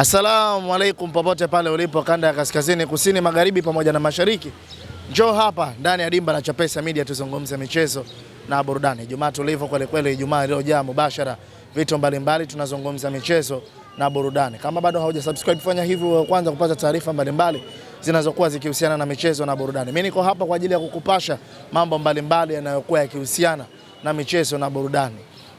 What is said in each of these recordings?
Assalamu alaikum, popote pale ulipo kanda ya kaskazini, kusini, magharibi pamoja na mashariki, njoo hapa ndani ya dimba la Chapesa Media tuzungumze michezo na burudani. Ijumaa tulivo kweli kweli, Ijumaa iliyojaa mubashara, vitu mbalimbali, tunazungumza michezo na burudani. Kama bado subscribe, fanya hivyo kwanza kupata taarifa mbalimbali zinazokuwa zikihusiana na michezo na burudani. Mimi niko hapa kwa ajili ya kukupasha mambo mbalimbali yanayokuwa yakihusiana na michezo na burudani.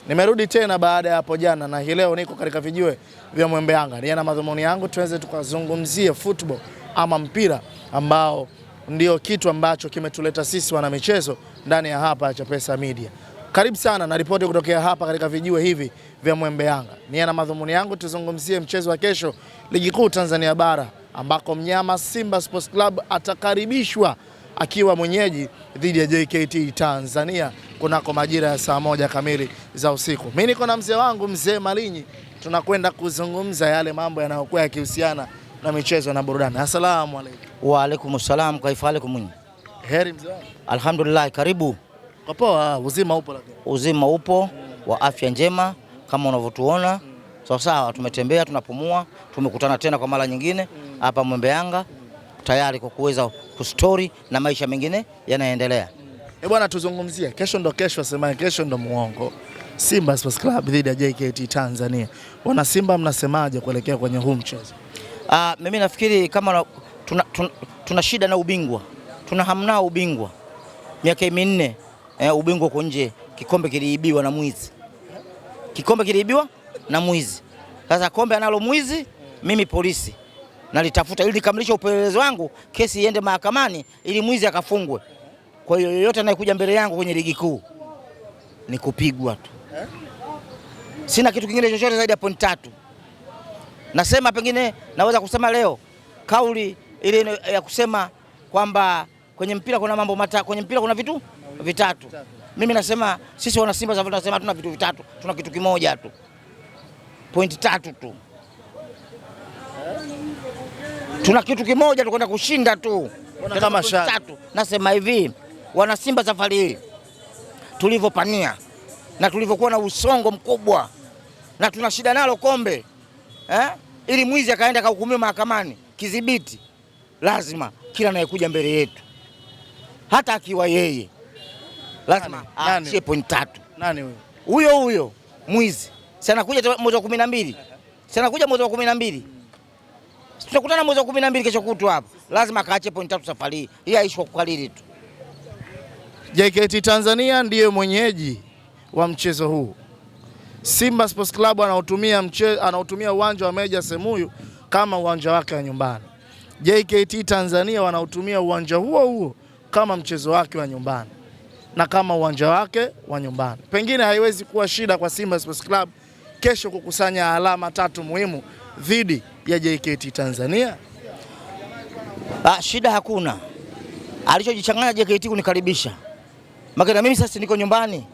Nimerudi tena baada ya hapo jana na hii leo niko katika vijue vya Mwembe Yanga. na madhumuni yangu tuweze tukazungumzie football ama mpira ambao ndio kitu ambacho kimetuleta sisi wana michezo ndani ya hapa Chapesa Media. Karibu sana na ripoti kutokea hapa katika vijue hivi vya Mwembe Yanga. na madhumuni yangu tuzungumzie mchezo wa kesho ligi kuu Tanzania bara ambako mnyama Simba Sports Club atakaribishwa akiwa mwenyeji dhidi ya JKT Tanzania kunako majira ya saa moja kamili za usiku. Mimi niko na mzee wangu mzee Malinyi, tunakwenda kuzungumza yale mambo yanayokuwa yakihusiana na michezo na burudani. Asalamu alaykum. Wa alaykum salam, kaifa alaykum. Heri mzee wangu. Alhamdulillah, karibu. Kwa poa, uzima upo lakini. Uzima upo wa afya njema kama unavyotuona. Mm. Sawa sawa, tumetembea tunapumua, tumekutana tena kwa mara nyingine mm. hapa Mwembe Yanga tayari kwa kuweza kustori na maisha mengine yanaendelea. E bwana, tuzungumzie kesho, ndo kesho asemaye kesho ndo muongo. Simba Sports Club dhidi ya JKT Tanzania. Wana Simba, mnasemaje kuelekea kwenye huu mchezo? Ah, mimi nafikiri kama tuna, tuna, tuna shida na ubingwa, tuna hamna ubingwa miaka minne eh, ubingwa uko nje. Kikombe kiliibiwa na mwizi, kikombe kiliibiwa na mwizi. Sasa kombe analo mwizi, mimi polisi nalitafuta ili nikamilisha upelelezi wangu, kesi iende mahakamani ili mwizi akafungwe. Kwa hiyo yoyote anayekuja mbele yangu kwenye ligi kuu ni kupigwa tu, sina kitu kingine chochote zaidi ya pointi tatu. Nasema pengine naweza kusema leo kauli ile ya kusema kwamba kwenye mpira kuna mambo mata, kwenye mpira kuna vitu vitatu. Mimi nasema sisi wana Simba sasa tunasema hatuna vitu vitatu, tuna kitu kimoja tu, pointi tatu tu tuna kitu kimoja tukwenda kushinda tu. Tatu nasema hivi, wana Simba safari hii tulivyopania na tulivyokuwa na usongo mkubwa na tuna shida nalo kombe eh? Ili mwizi akaenda akahukumiwa mahakamani kidhibiti, lazima kila anayekuja mbele yetu hata akiwa yeye lazima aachie point tatu. Nani huyo? Huyo huyo mwizi si anakuja mwezi wa kumi na mbili si anakuja mwezi wa kumi na mbili tutakutana mwezi wa kumi na mbili kesho kutu hapo, lazima kaache pointi tatu safari hii. Hii haishi kwa kukalili tu. JKT Tanzania ndiye mwenyeji wa mchezo huu. Simba Sports Club anautumia mchezo, anautumia uwanja wa Meja Semuyu kama uwanja wake wa nyumbani. JKT Tanzania wanautumia uwanja huo huo kama mchezo wake wa nyumbani na kama uwanja wake wa nyumbani. Pengine haiwezi kuwa shida kwa Simba Sports Club kesho kukusanya alama tatu muhimu dhidi ya JKT Tanzania? Ah, shida hakuna. Alichojichanganya JKT kunikaribisha. Maana na mimi sasa niko nyumbani.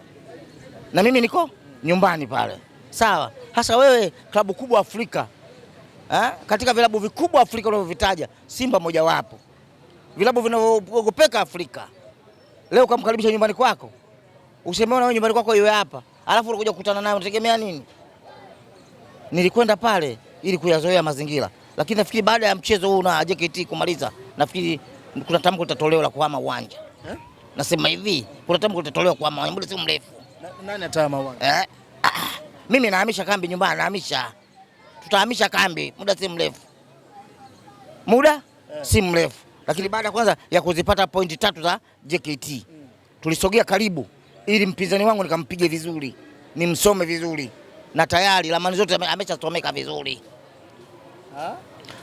Na mimi niko nyumbani pale. Sawa. Hasa wewe klabu kubwa Afrika. Ha? Katika vilabu vikubwa Afrika unavyovitaja, Simba moja wapo. Vilabu vinavyogopeka Afrika. Leo kamkaribisha nyumbani kwako. Usemeona wewe nyumbani kwako iwe hapa. Alafu unakuja kukutana naye unategemea nini? Nilikwenda pale ili kuyazoea mazingira, lakini nafikiri baada ya mchezo huu na JKT kumaliza, nafikiri kuna tamko litatolewa la kuhama uwanja eh? Nasema hivi kuna tamko litatolewa kuhama uwanja, muda si mrefu. Nani atahama uwanja eh? Ah, ah, mimi nahamisha kambi nyumbani, nahamisha, tutahamisha kambi muda si mrefu, muda eh, si mrefu, lakini baada kwanza ya kuzipata pointi tatu za JKT mm, tulisogea karibu ili mpinzani wangu nikampige vizuri, nimsome vizuri, na tayari ramani zote ameshasomeka vizuri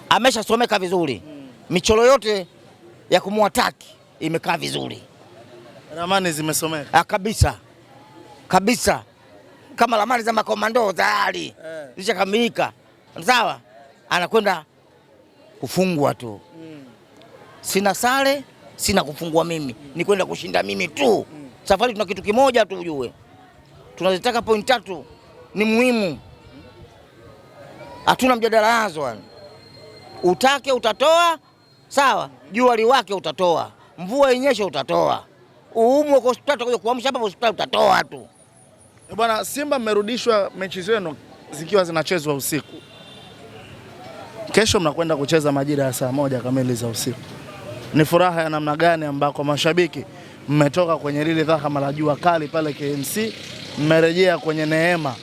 ameshasomeka vizuri mm. michoro yote ya kumwataki imekaa vizuri, ramani zimesomeka ah, kabisa kabisa, kama ramani za makomando tayari eh. zishakamilika sawa, anakwenda kufungwa tu hmm. sina sare sina kufungwa mimi mm. ni kwenda kushinda mimi tu hmm. Safari tuna kitu kimoja tu ujue, tunazitaka point tatu, ni muhimu hatuna mjadala nazo yani. Utake utatoa sawa, jua liwake utatoa, mvua inyeshe utatoa, uumwe kwa hospitali utakuja kuamsha hapa hospitali utatoa tu eh, bwana. Simba mmerudishwa mechi zenu zikiwa zinachezwa usiku, kesho mnakwenda kucheza majira ya saa moja kamili za usiku. Ni furaha ya namna gani ambako mashabiki mmetoka kwenye lile dhahama la jua kali pale KMC mmerejea kwenye neema,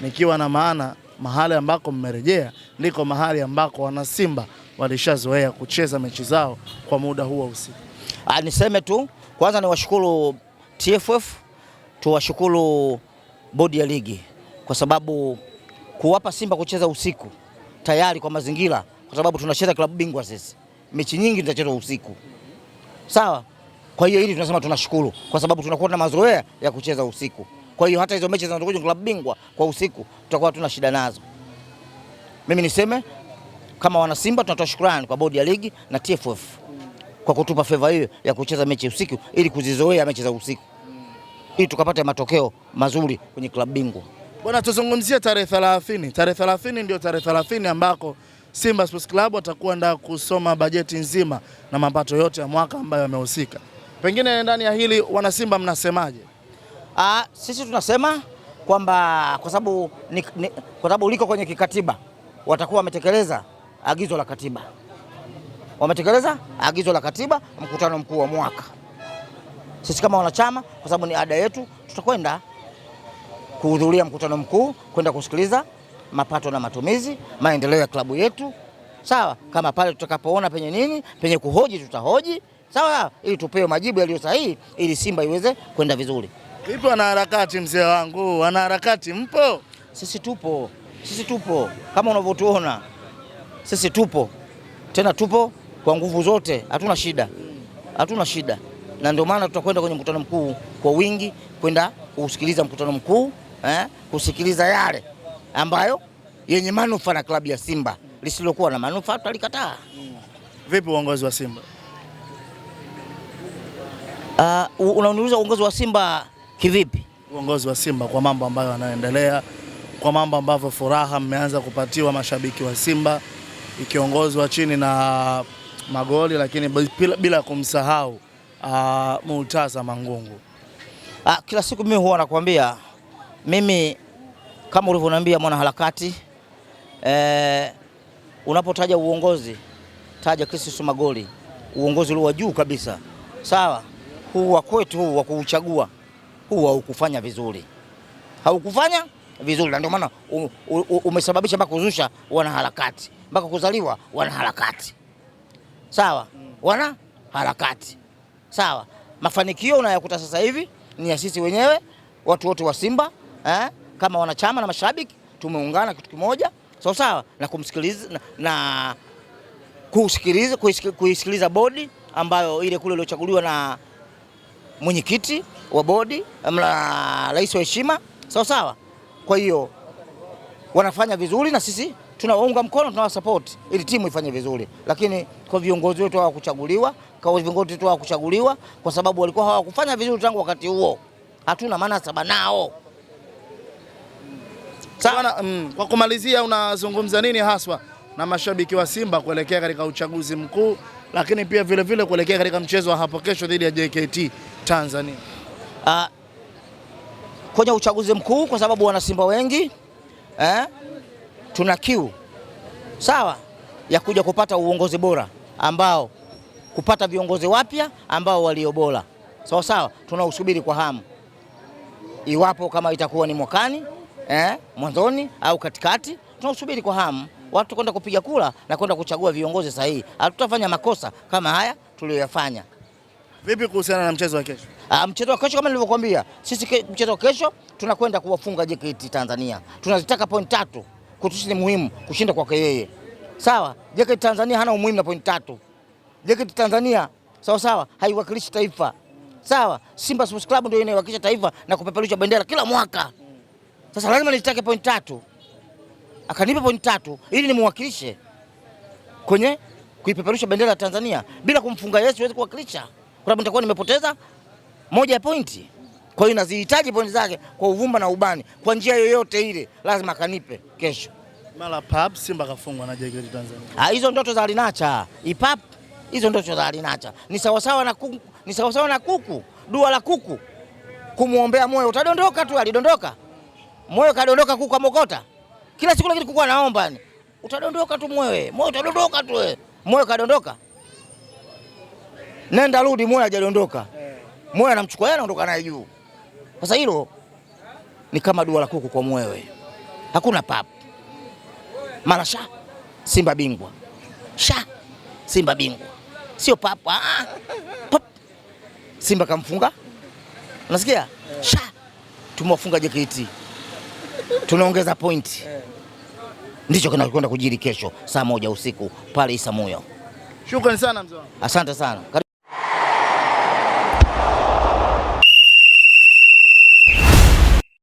nikiwa na maana mahali ambako mmerejea ndiko mahali ambako wanasimba walishazoea kucheza mechi zao kwa muda huo usiku. Ah, niseme tu kwanza niwashukuru TFF, tuwashukuru bodi ya ligi kwa sababu kuwapa Simba kucheza usiku tayari kwa mazingira, kwa sababu tunacheza klabu bingwa sisi, mechi nyingi tutacheza usiku, sawa. Kwa hiyo hili tunasema tunashukuru, kwa sababu tunakuwa na mazoea ya kucheza usiku. Kwa hiyo hata hizo mechi zinazokuja klabu bingwa kwa usiku tutakuwa tuna shida nazo. Mimi niseme kama wana Simba tunatoa shukrani kwa bodi ya ligi na TFF kwa kutupa feva hiyo ya kucheza mechi usiku ili kuzizoea mechi za usiku ili tukapata matokeo mazuri kwenye klabu bingwa. Bwana, tuzungumzie tarehe 30. Tarehe 30 ndio tarehe 30 ambako Simba Sports Club watakuwa nda kusoma bajeti nzima na mapato yote ya mwaka ambayo yamehusika. Pengine ndani ya hili wana Simba mnasemaje? Ah, sisi tunasema kwamba kwa sababu kwa sababu liko kwenye kikatiba, watakuwa wametekeleza agizo la katiba, wametekeleza agizo la katiba, mkutano mkuu wa mwaka. Sisi kama wanachama, kwa sababu ni ada yetu, tutakwenda kuhudhuria mkutano mkuu, kwenda kusikiliza mapato na matumizi, maendeleo ya klabu yetu. Sawa, kama pale tutakapoona penye nini penye kuhoji, tutahoji sawa, ili tupewe majibu yaliyo sahihi, ili Simba iweze kwenda vizuri. Vipi wanaharakati, mzee wangu, wanaharakati mpo? Sisi tupo, sisi tupo kama unavyotuona, sisi tupo tena, tupo kwa nguvu zote, hatuna shida, hatuna shida, na ndio maana tutakwenda kwenye mkutano mkuu kwa wingi, kwenda kusikiliza mkutano mkuu eh, kusikiliza yale ambayo yenye manufaa na klabu ya Simba. Lisilokuwa na manufaa tutalikataa. Vipi uongozi wa Simba? Uh, unaniuliza uongozi wa Simba Kivipi uongozi wa Simba kwa mambo ambayo yanaendelea, kwa mambo ambavyo furaha mmeanza kupatiwa mashabiki wa Simba ikiongozwa chini na magoli, lakini bila, bila kumsahau uh, Murtaza Mangungu. Ah, kila siku mimi huwa nakwambia mimi kama ulivyoniambia mwanaharakati eh, unapotaja uongozi taja Kristus Magoli, uongozi ulio juu kabisa, sawa huu wa kwetu huu wa kuuchagua huu haukufanya vizuri, haukufanya vizuri, na ndio maana umesababisha mpaka kuzusha wanaharakati, mpaka kuzaliwa wanaharakati. Sawa, wana harakati sawa. Mafanikio unayokuta sasa hivi ni ya sisi wenyewe, watu wote wa Simba eh, kama wanachama na mashabiki tumeungana kitu kimoja sawa sawa, na kumsikiliza na, na kusikiliza kuisikiliza bodi ambayo ile kule iliyochaguliwa na mwenyekiti wa bodi na rais wa heshima, sawa sawa. Kwa hiyo wanafanya vizuri na sisi tunawaunga mkono, support ili timu ifanye vizuri, lakini kwa viongozi wetu hawakuchaguliwa, kwa viongozi wetu hawakuchaguliwa kwa sababu walikuwa hawakufanya vizuri tangu wakati huo, hatuna manasaba nao. Sawa. Mm, kwa kumalizia, unazungumza nini haswa na mashabiki wa Simba kuelekea katika uchaguzi mkuu, lakini pia vilevile kuelekea katika mchezo wa hapo kesho dhidi ya JKT Tanzania? uh, kwenye uchaguzi mkuu, kwa sababu wanasimba wengi eh, tuna kiu sawa ya kuja kupata uongozi bora ambao kupata viongozi wapya ambao walio bora sawa sawa, tunausubiri kwa hamu, iwapo kama itakuwa ni mwakani eh, mwanzoni au katikati, tunausubiri kwa hamu watu kwenda kupiga kura na kwenda kuchagua viongozi sahihi. Hatutafanya makosa kama haya tuliyoyafanya. Vipi kuhusiana na mchezo wa kesho? Ah, mchezo wa kesho kama nilivyokuambia, sisi ke, mchezo wa kesho tunakwenda kuwafunga JKT Tanzania. Tunazitaka point tatu, kutusi ni muhimu kushinda kwake yeye. Sawa, JKT Tanzania hana umuhimu na point tatu. JKT Tanzania sawa sawa haiwakilishi taifa. Sawa, Simba Sports Club ndio inayowakilisha taifa na kupeperusha bendera kila mwaka. Sasa lazima nitake point tatu. Akanipa point tatu ili nimwakilishe kwenye kuipeperusha bendera ya Tanzania bila kumfunga Yesu, huwezi kuwakilisha kwa sababu nitakuwa nimepoteza moja ya pointi. Kwa hiyo nazihitaji pointi zake kwa uvumba na ubani, kwa njia yoyote ile lazima akanipe kesho. Mara pap Simba kafungwa na JKT Tanzania. Ah, hizo ndoto za alinacha ipap, hizo ndoto za alinacha ni sawasawa na kuku, ni sawasawa na kuku, dua la kuku kumwombea moyo, utadondoka tu. Alidondoka moyo, kadondoka kuku amokota kila siku, lakini kuku anaomba, yani utadondoka tu mwewe, moyo utadondoka tu, moyo kadondoka nenda rudi, Moyo hajaondoka. Moyo anamchukua yeye, anaondoka naye juu. Sasa hilo ni kama dua la kuku kwa mwewe, hakuna papu. Mara sha Simba bingwa, sha Simba bingwa, sio papu. Ah, ah. pap. Simba kamfunga, unasikia? Sha tumewafunga JKT, tunaongeza pointi. Ndicho kinakwenda kujiri kesho saa moja usiku pale Isamuyo. Shukrani sana mzee Asante sana.